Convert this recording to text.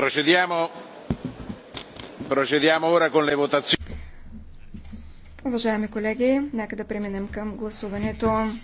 Procediamo, procediamo ora con le votazioni. Уважаеми колеги, нека да преминем към гласуването.